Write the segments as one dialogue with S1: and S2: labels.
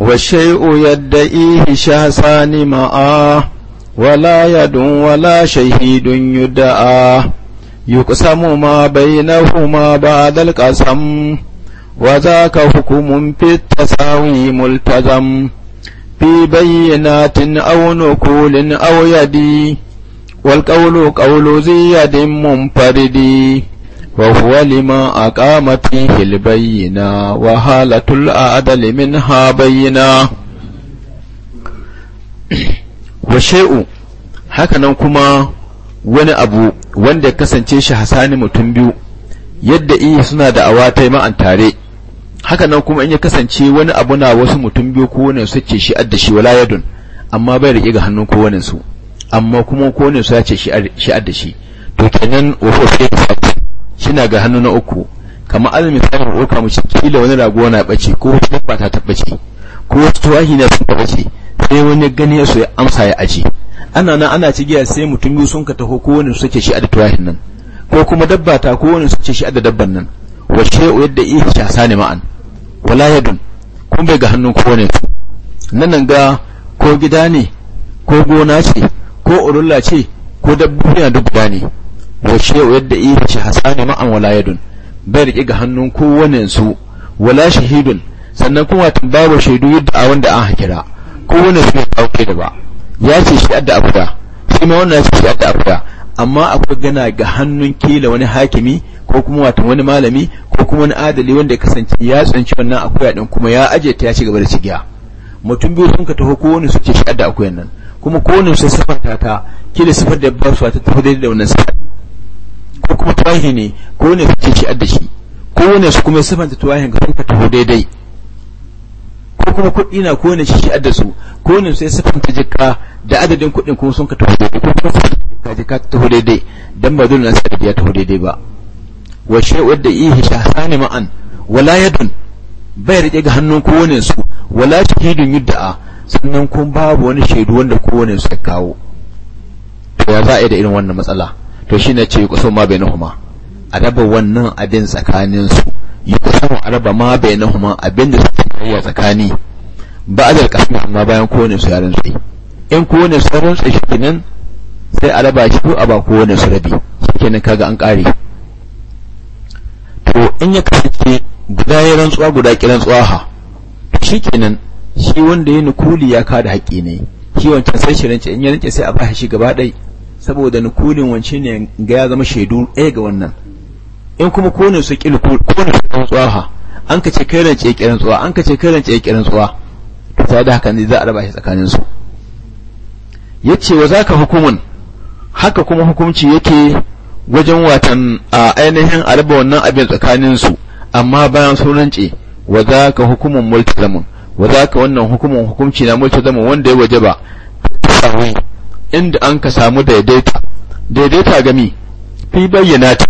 S1: والشيء يدعيه شهسان معاه ولا يد ولا شهيد يدعى يقسم ما بينهما بعد القسم وذاك حكم في التساوي ملتزم في بينات أو نكول أو يدي والقول قول ذي يد منفرد وهو لما أقام فيه البينة وهالة العدل منها بينة وشيء hakanan kuma wani abu wanda kasance shi hasani mutum biyu yadda iya suna da awa ta ma'an tare hakanan kuma in ya kasance wani abu na wasu mutum biyu ko wani su ce shi adda shi wala yadun amma bai riƙe ga hannun kowane su amma kuma kowane su ya ce shi adda shi to kenan wa fi tana ga hannu na uku kama alal misali mu ɗauka mu ce kila wani rago na bace ko wata dabba ta tabbace ko wata tuwahi na sun ɓace sai wani gani ya so ya amsa ya aje ana nan ana ci giya sai mutum biyu sun ka taho ko wani suke shi a da tuwahin nan ko kuma dabba ta ko wani suke shi a da dabban nan wa shay'u yadda ihi shasa ne ma'an wala yadun kun bai ga hannun ko wani nan nan ga ko gida ne ko gona ce ko urulla ce ko dabbobi na duk ne wa shehu yadda iri shi hasani ma'an wala yadun bai riƙe ga hannun kowane su wala shahidun sannan kuma babu shaidu yadda a wanda an hakira kowane su ne ɗauke da ba ya ce shi adda abuda shi ma wannan ya ce shi adda abuda amma akwai gana ga hannun kila wani hakimi ko kuma watan wani malami ko kuma wani adali wanda ya kasance ya tsanci wannan akuya din kuma ya aje ta ya ci gaba da cigiya mutum biyu sun ka taho ko wani su ce shi adda akuyan nan kuma ko wani su sifanta ta kila sifar da ba su ta taho daidai da wannan sifar kuma tuwahi ne ko ne su ce shi'ar da shi ko ne su kuma sifanta tuwahi ga sun taho daidai ko kuma kuɗi na ko ne shi'ar da su ko ne su ya sifanta jika da adadin kuɗin kuma sun ka taho daidai ko kuma ka jika ta taho daidai dan ba dole na sa ya taho daidai ba wa shay'u da ihi shahsani ma'an wala yadun bai rike ga hannun kowane su wala shahidun yudda'a sannan kun babu wani shaidu wanda kowane su ya kawo to ya za a yi da irin wannan matsala to shi na ce kusan ma bainahuma a raba wannan abin tsakanin su yi kusan a raba ma bai bainahuma abin da suke yawa tsakani ba azal kasu amma bayan kowane su ya tsaye in kowane su yaran tsaye shi kenan sai a raba shi ko a ba kowane su rabi su kenan kaga an kare to in ya kasance guda ya rantsuwa guda ki rantsuwa ha shi kenan shi wanda ya nukuli ya kada haƙƙi ne shi wancan sai shi rance in ya rance sai a ba shi gaba ɗaya saboda nukunin wance ne ga ya zama shaidu ɗaya ga wannan in kuma kone su ƙil kone su rantsuwa ha an ka ce kai rance ya ƙirin tsuwa an ka ce kai rance ya ƙirin tsuwa to ta da haka ne za a raba shi tsakanin su ya ce wa za ka hukumun haka kuma hukumci yake wajen watan a ainihin a raba wannan abin tsakanin su amma bayan sunan ce wa za ka hukumun multilamun wa za ka wannan hukumun hukumci na multilamun wanda ya waje ba inda an ka samu daidaita daidaita gami fi bayyana ta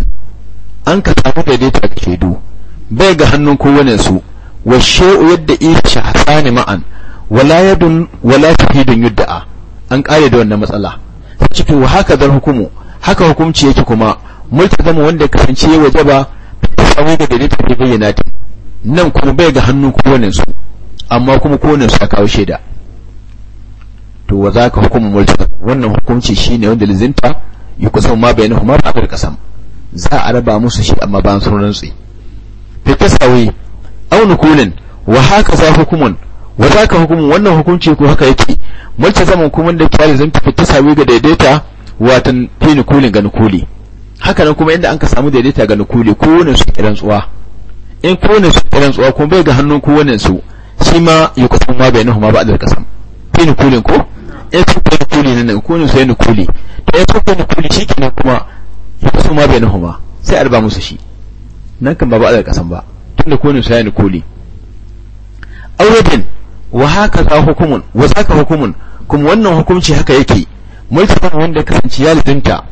S1: an ka samu daidaita ga shaidu bai ga hannun kowane su wa she'u yadda isha hasani ma'an wala yadun wala shahidun yudda'a an kare da wannan matsala ciki wa haka dar hukumu haka hukumci yake kuma multazama wanda kasance wajaba samu da daidaita fi bayyana ta nan kuma bai ga hannun kowane su amma kuma kowane su a kawo shaida to wa za ka hukumu multazam wannan hukunci ne wanda lizinta ya kusan ma bayan huma ba a kasam za a raba musu shi amma ba sun rantsi fi tasawi aw nukulin wa haka za hukumun wa za ka hukuma wannan hukunci ko haka yake zaman kuma da kyale zan fi tasawi ga daidaita watan fi nukulin ga nukuli haka nan kuma inda an ka samu daidaita ga nukuli ko wani su kiran tsuwa in ko wani su kiran tsuwa kuma bai ga hannun ko wannan su shi ma ya kusan ma bayan huma ba a kasam fi nukulin ko in su kai kuli nan daga kunu sai nukuli to in su kai nukuli shikenan kuma ya kasu ma bai nuhuma sai a musu shi nan kan ba alaƙa san kasan ba tunda kunu sai nukuli awradin wa haka za hukumun wa saka hukumun kuma wannan hukunci haka yake mulkin wanda kasance ya lidinta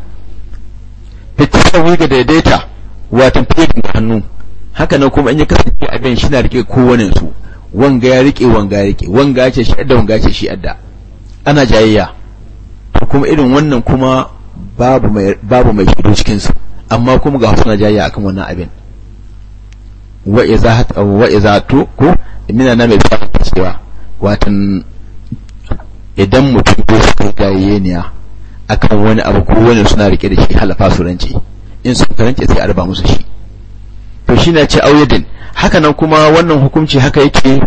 S1: fitasawai ga daidaita watan fadin hannu haka nan kuma in ya kasance abin shi na rike kowannen su wanga ya rike wanga ya rike wanga ya ce shi adda wanga ya ce shi adda ana jayayya kuma irin wannan kuma babu mai babu mai shiru cikin su amma kuma ga suna jayayya akan wannan abin wa iza wa iza tu ku mina na mai fara cewa watan idan mutum ko su gaye ne akan wani abu ko wani suna rike da shi halafa su rance in su rance sai a raba musu shi to shi na ce auyadin haka nan kuma wannan hukunci haka yake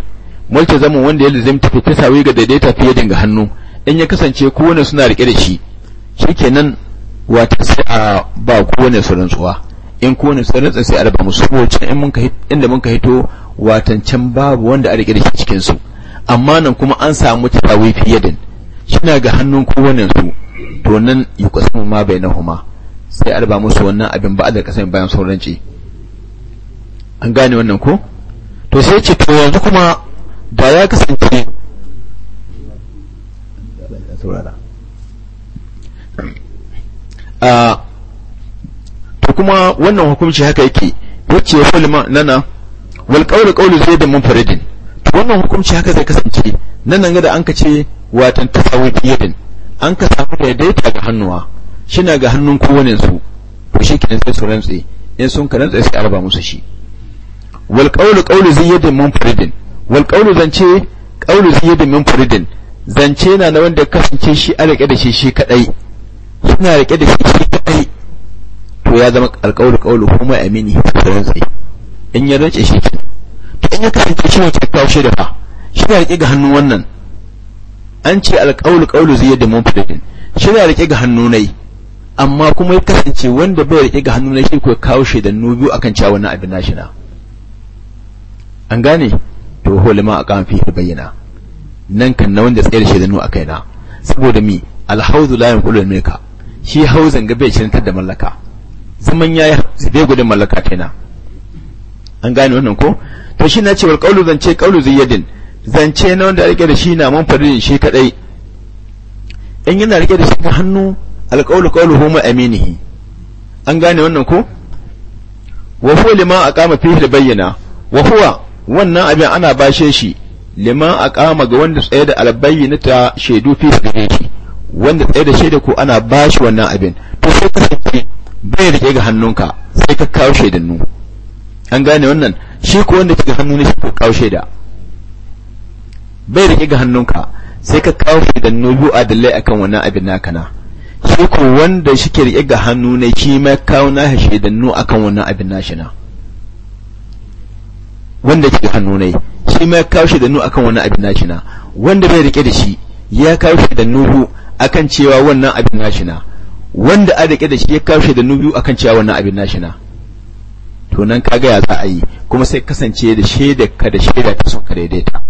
S1: mulki zamu wanda ya lizimta fi sawi ga daidaita fiye da hannu in ya kasance kowane suna rike da shi shikenan wata sai a ba kowane su rantsuwa in kowane su rantsa sai a raba musu ko in mun inda mun ka hito watan can babu wanda a rike da shi cikin su amma nan kuma an samu tasawi fiye da shina ga hannun kowane su to nan yuqasimu ma bainahuma sai a raba musu wannan abin ba da kasan bayan sauranci an gane wannan ko to sai ce to yanzu kuma da ya kasance ah, to kuma wannan hukunci haka yake wacce ya fulma nana wal zai qawlu mun munfaridin to wannan hukunci haka zai kasance nan ga da an ka ce watan tasawuf yadin an ka samu daidaita ga hannuwa shina ga hannun kowane su to shi kenan sai su rantse in sun ka rantse sai arba musu shi wal zai qawlu mun munfaridin wal qawlu zance qawlu da min furidin zance na na wanda kasance shi a rike da shi shi kadai suna rike da shi shi kadai to ya zama alqawlu qawlu kuma amini rantsi in ya rance shi to in ya kasance shi wata kawo shi da fa shi na rike ga hannu wannan an ce alqawlu qawlu sayyidin min furidin shi na rike ga hannu nai amma kuma ya kasance wanda bai rike ga hannu nai shi ko kawo da biyu akan cewa wannan abin nashi na an gane to ma a kan fi bayyana nan kan na wanda tsayar shaidanu a kaina saboda mi alhauzu la yanqulu al milka shi hauzan ga bai shirantar da mallaka zaman yayi bai gudun mallaka kaina an gane wannan ko to shi na ce cewa qaulu zance qaulu ziyadin zance na wanda rike da shi na mun fadin shi kadai in yana rike da shi ga hannu alqaulu qawlu huma aminihi an gane wannan ko wa huwa lima aqama fihi bayyana wa huwa wannan abin ana bashe shi liman a kama ga wanda tsaye da na ta shaidu fi gare shi wanda tsaye da shaida ko ana bashi wannan abin to sai ka saki bai rike ga hannunka sai ka kawo shaidannu an gane wannan shi ko wanda ke hannu ne shi ko kawo shaida bai rike ga hannunka sai ka kawo shaidannu biyu adalai akan wannan abin naka na shi ko wanda shi ke rike ga hannu ne shi ma kawo na shaidannu akan wannan abin nashi na wanda ke hannu ne shi ma ya kawo shi da nu akan wannan abin nashi na wanda bai rike da shi ya kawo shi da nuhu akan cewa wannan abin nashi na wanda a rike da shi ya kawo shi da nuhu akan cewa wannan abin nashi na to nan kaga ya za a yi kuma sai kasance da shaida ka da shaida ta sun ka daidaita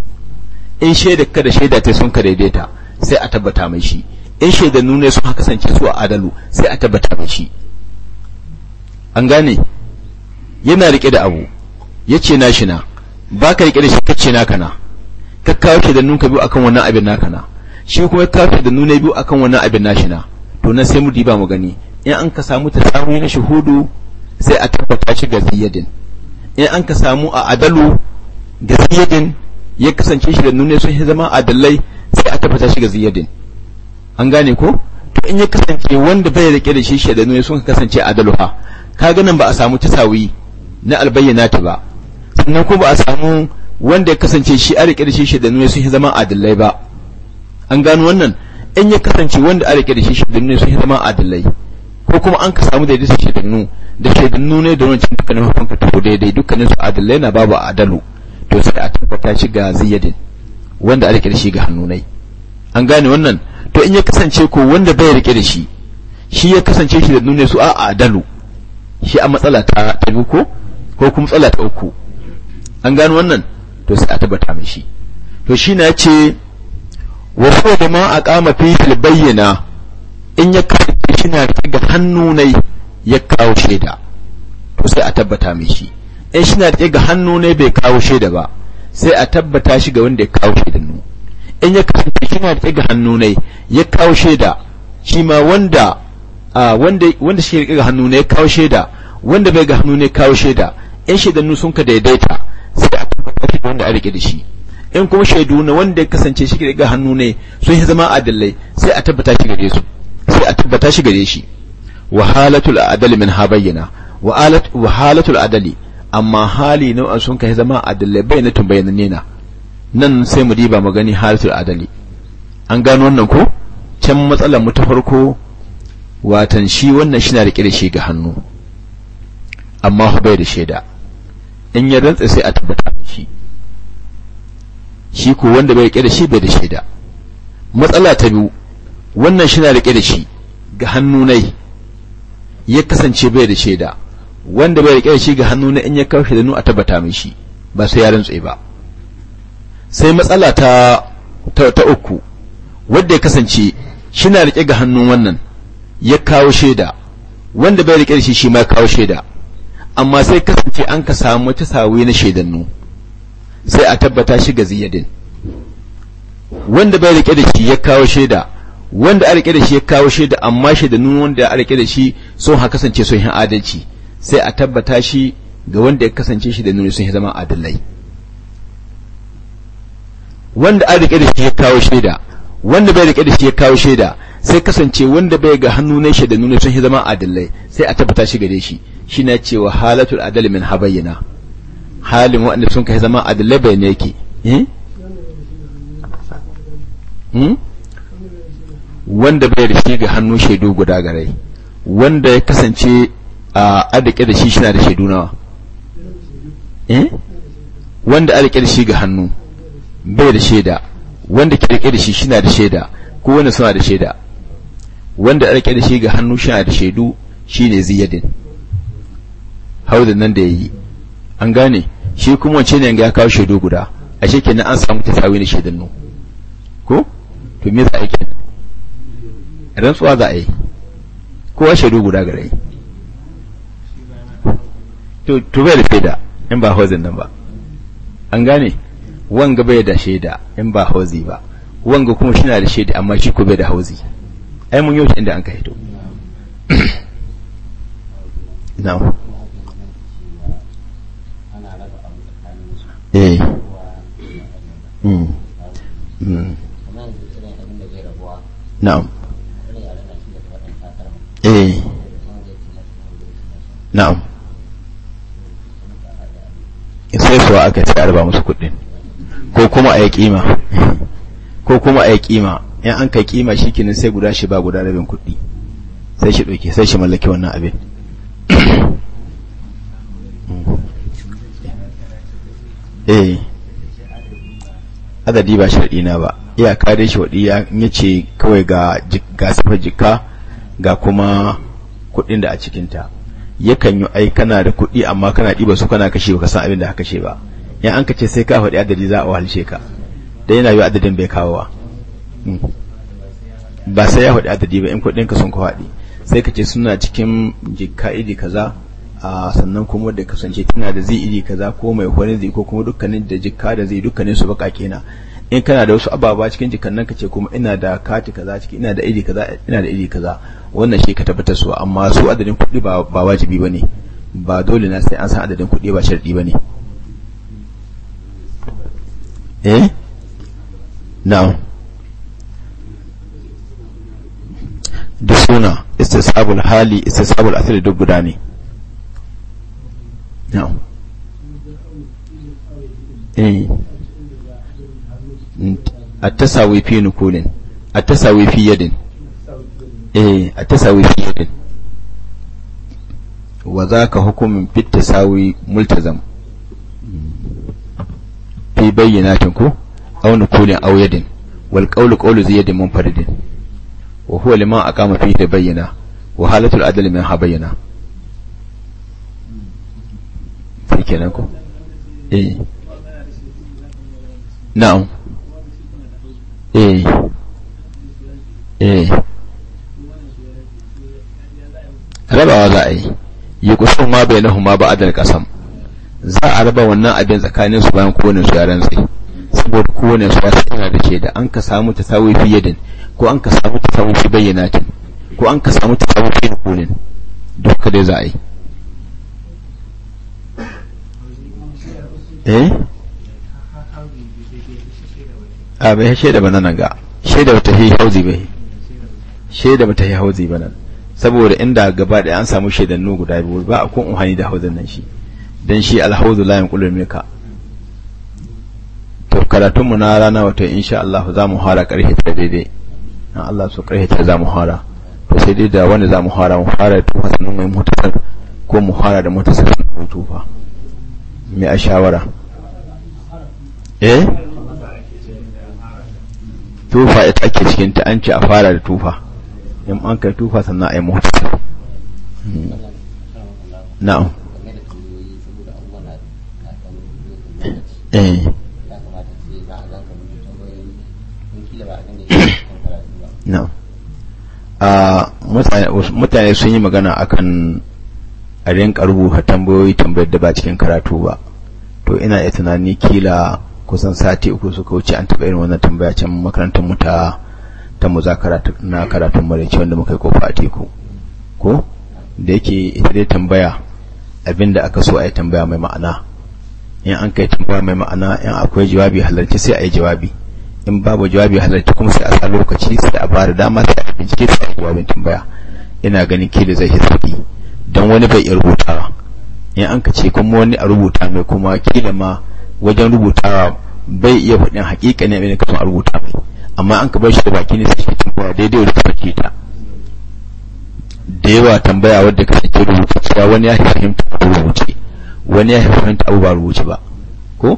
S1: in shaida ka da shaida ta sun ka daidaita sai a tabbata mai shi in shaida nune sun kasance su a adalu sai a tabbata mai shi an gane yana rike da abu ya ce na shi na ba ka riƙe da shi kace na na ka kawo ke da nunka biyu akan wannan abin na kana shi kuma ka kawo da nuna biyu akan wannan abin shi na to na sai mu diba mu gani in an ka samu ta tasawi na shahudu sai a tabbata shi ga ziyadin in an ka samu a adalu ga ziyadin ya kasance shi da nuna sun zama adalai sai a tabbata shi ga ziyadin an gane ko to in ya kasance wanda bai rike da shi shi da nuna sun kasance adalu ha kaga nan ba a samu tasawi na albayyana ta ba sannan ko ba a samu wanda ya kasance shi a riƙe da shi shaidanu ne sun zama adalai ba an gano wannan in ya kasance wanda a riƙe da shi shaidanu ne sun zama adalai ko kuma an ka samu daidai shaidannu da shaidannu ne da wancan dukkanin hukunka ta daidai dukkanin su adalai na babu adalu to sai a tabbata shi ga ziyadin wanda a riƙe da shi ga hannu nai an gane wannan to in ya kasance ko wanda bai riƙe da shi shi ya kasance shi ne su a adalu shi a matsala ta biyu ko ko kuma matsala ta uku an gano wannan to sai a tabbata mai shi to shi na ce wa da ma a kama fil bayyana in ya kai shi na daga hannu ne ya kawo shaida to sai a tabbata mai shi in shi na daga hannu ne bai kawo shaida ba sai a tabbata shi ga wanda ya kawo shaidan nu in ya kai shi na daga hannu ne ya kawo shaida shi ma wanda wanda wanda shi ya daga hannu ne ya kawo shaida wanda bai ga hannu ne kawo shaida in nu sun ka daidaita sai a tabbatar da wanda a rike da shi in kuma shaidu na wanda ya kasance shi ga hannu ne sun yi zama adalai sai a tabbata shi gare su sai a tabbata shi gare shi wahalatul adali min ha bayyana wahalatul adali amma hali an sun kai zama adalai bayyanatun bayyananne na nan sai mu diba magani halatul adali an gano wannan ko can matsalar mu ta farko watan shi wannan shi na rike da shi ga hannu amma bai da shaida in ya rantsa sai a tabbata shi shi ko wanda bai rike da shi bai da shaida matsala ta biyu wannan shi na rike da shi ga hannu nai ya kasance bai da shaida wanda bai rike da shi ga hannu na in ya kawo nu a tabbata mai shi ba sai ya rantsa ba sai matsala ta ta, uku wanda ya kasance shi na rike ga hannun wannan ya kawo shaida wanda bai rike da shi shi ma kawo shaida amma sai kasance an ka samu wata sawi na shaidannu sai a tabbata shi ga ziyadin wanda bai rike da shi ya kawo shaida wanda a rike da shi ya kawo shaida amma shaidannu wanda a rike da shi sun ha kasance sun yi adalci sai a tabbata shi ga wanda ya kasance shi da nuni sun yi zama adalai wanda a rike da shi ya kawo shaida wanda bai rike da shi ya kawo shaida sai kasance wanda bai ga hannu ne shi da nuna sun shi zama adalai sai a tabbata shi gare shi shi na cewa halatul adal min habayyana halin waɗanda sun kai zama adalai bai ne yake eh? hmm? wanda bai da ga hannu shaidu guda gare wanda ya kasance a adike da shi shi na da shaidu nawa eh? wanda adike da shi ga hannu bai da shaida wanda ke da shi shi na da shaida ko wanda suna da shaida wanda a rike da shi ga hannu sha da shaidu shine ziyadin haudin nan da yayi an gane shi kuma wance ne ga ya kawo shaidu guda a shekin an samu tasawi na shaidun nu ko to me za a yi rantsuwa za a yi kowa shaidu guda gare to to bai da shaida in ba hozin nan ba an gane wanga bai da shaida in ba hozi ba wanga kuma shi na da shaida amma shi ko bai da hauzi ai mun yau inda an ka hito na'am eh mm eh na'am sai suwa aka ce a raba musu kuɗin ko kuma a yi kima ko kuma a yi kima in an kai kima shi kenan sai guda shi ba guda rabin kuɗi sai shi ɗauke sai shi mallaki wannan abin eh adadi ba sharɗi na ba iyaka dai shaɗi ya ce kawai ga gasifar jika ga kuma kuɗin da a cikinta yakan yi ai kana da kuɗi amma kana ɗiba su kana kashe baka san abin da haka kashe ba ya an kace sai ka faɗi adadi za a wahalshe ka dai yana yi adadin bai kawo ba Mm. ba sai ya haɗu adadi ba in kuɗin ka sun ka haɗi sai ka ce suna cikin jikka iri kaza a sannan kuma da kasance tana da zai iri kaza ko mai horin zai ko kuma dukkanin da jikka da zai dukkanin su baka kena in kana da wasu ababa cikin jikan nan ka ce kuma ina da kati kaza ciki ina da iri kaza ina da iri kaza wannan shi ka tabbatar su amma su adadin kuɗi ba wajibi ba ne ba dole na sai an san adadin kuɗi ba sharɗi ne. eh na'am da suna istisabul hali istisabul asali duk guda ne a eh. tasawi fi nukulin a tasawi fi yadin eh a tasawi fi yadin wa za ka hukumin fit tasawi multazam fi bayyanatin ko au nukulin au yadin wal zai qawlu mun munfaridin wa huwa liman aqama fihi bayyana wa halatul adl min ha bayyana sai kenan ko eh na'am eh eh rabawa za a yi yi kusan ma bai nahu ma ba adal kasam za a raba wannan abin tsakanin su bayan kowane su ya rantsi saboda kowane su ya tana da shaida an ka samu ta sawi fi da ko an ka samu ta sawi fi bayyana ta ko an ka samu ta sawi fi hukunin duka dai za a yi eh a bai shaida ba nan ga shaida ba ta yi hauzi bai shaida ba ta yi hauzi ba nan saboda inda gaba da an samu shaidannu guda biyu ba a kun uhani da hauzin nan shi don shi alhauzu layan kulur mika to karatunmu na rana wata insha Allah za mu hara karfe ta daidai na Allah su karfe ta za mu hara to sai dai da wanda za mu hara mu da tufa sannan mai mutasar ko mu fara da mutasar sannan tufa mai a shawara eh tufa ita ake cikin ta an ce a fara da tufa in an kai tufa sannan a yi mutasar hmm. na'am eh Ah, mutane sun yi magana akan a rinka rubuta tambayoyi tambayar da ba cikin karatu ba to ina iya tunani kila kusan sati uku suka wuce an taɓa irin wannan tambaya can makarantar mu ta ta muzakara na karatun maraice wanda muka yi kofa a teku ko da yake ita dai tambaya abinda aka so a yi tambaya mai ma'ana in an kai tambaya mai ma'ana in akwai jawabi halarci sai a yi jawabi in babu jawabi halarci kuma sai a sa lokaci sai a bada dama sai a bincike sai a jawabin tambaya ina ganin ke da zai sauki don wani bai iya rubutawa in an ka ce kuma wani a rubuta mai kuma kila ma wajen rubutawa bai iya faɗin hakika ne abin da kuma a rubuta mai amma an ka bar shi da baki ne sai shi tambaya daidai wani kuma ke ta da yawa tambaya wadda ka ke rubuta cewa wani ya fahimta a rubuce wani ya fahimta abu ba rubuce ba ko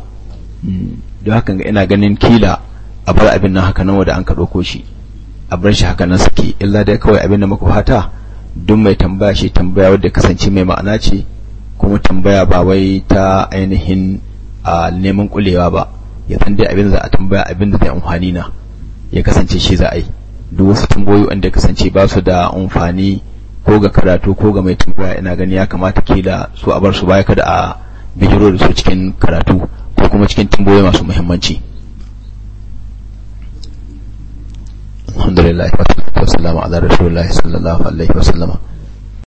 S1: hmm. don haka ina ganin kila a bar abin nan haka nan wanda an ka ɗauko shi a bar shi haka nan suke illa dai kawai abin da muka fata duk mai tambaya shi tambaya wadda kasance mai ma'ana ce kuma tambaya ba wai ta ainihin a neman kulewa ba ya san dai abin za a tambaya abin da zai amfani na ya kasance shi za a yi duk wasu tambayoyi wanda kasance ba su da amfani ko ga karatu ko ga mai tambaya ina gani ya kamata kila su a bar su baya kada a bijiro da su cikin karatu ko kuma cikin tambayoyi masu muhimmanci alhamdulillah wa wa sallallahu ala rasulillah sallallahu alaihi wa wasallam